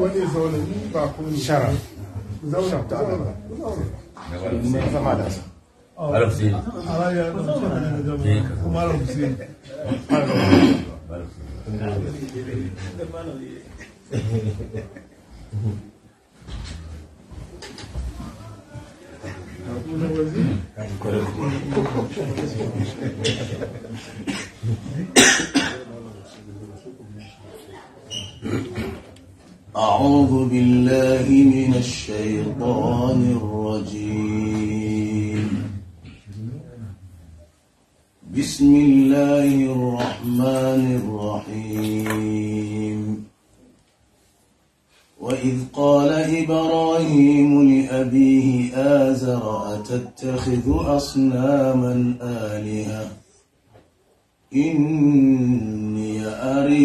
wani zaune ba kun shara zaune ta ababa ne zama da sa Malam Hussein. Malam Hussein. Malam Hussein. Malam Hussein. أعوذ بالله من الشيطان الرجيم بسم الله الرحمن الرحيم وإذ قال إبراهيم لأبيه آزر أتتخذ أصناما آلهة إن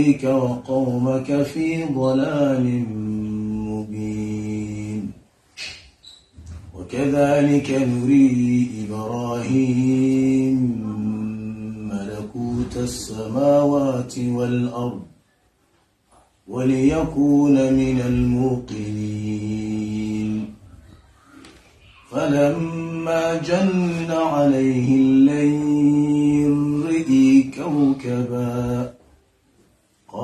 إليك وقومك في ضلال مبين وكذلك نري إبراهيم ملكوت السماوات والأرض وليكون من الموقنين فلما جن عليه الليل رئي كوكباً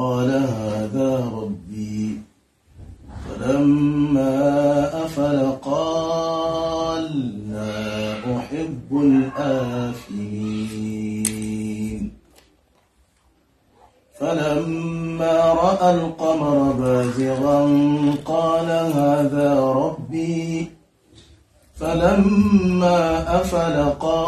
قال هذا ربي فلما أفل قال لا أحب الآفلين فلما رأى القمر بازغا قال هذا ربي فلما أفل قال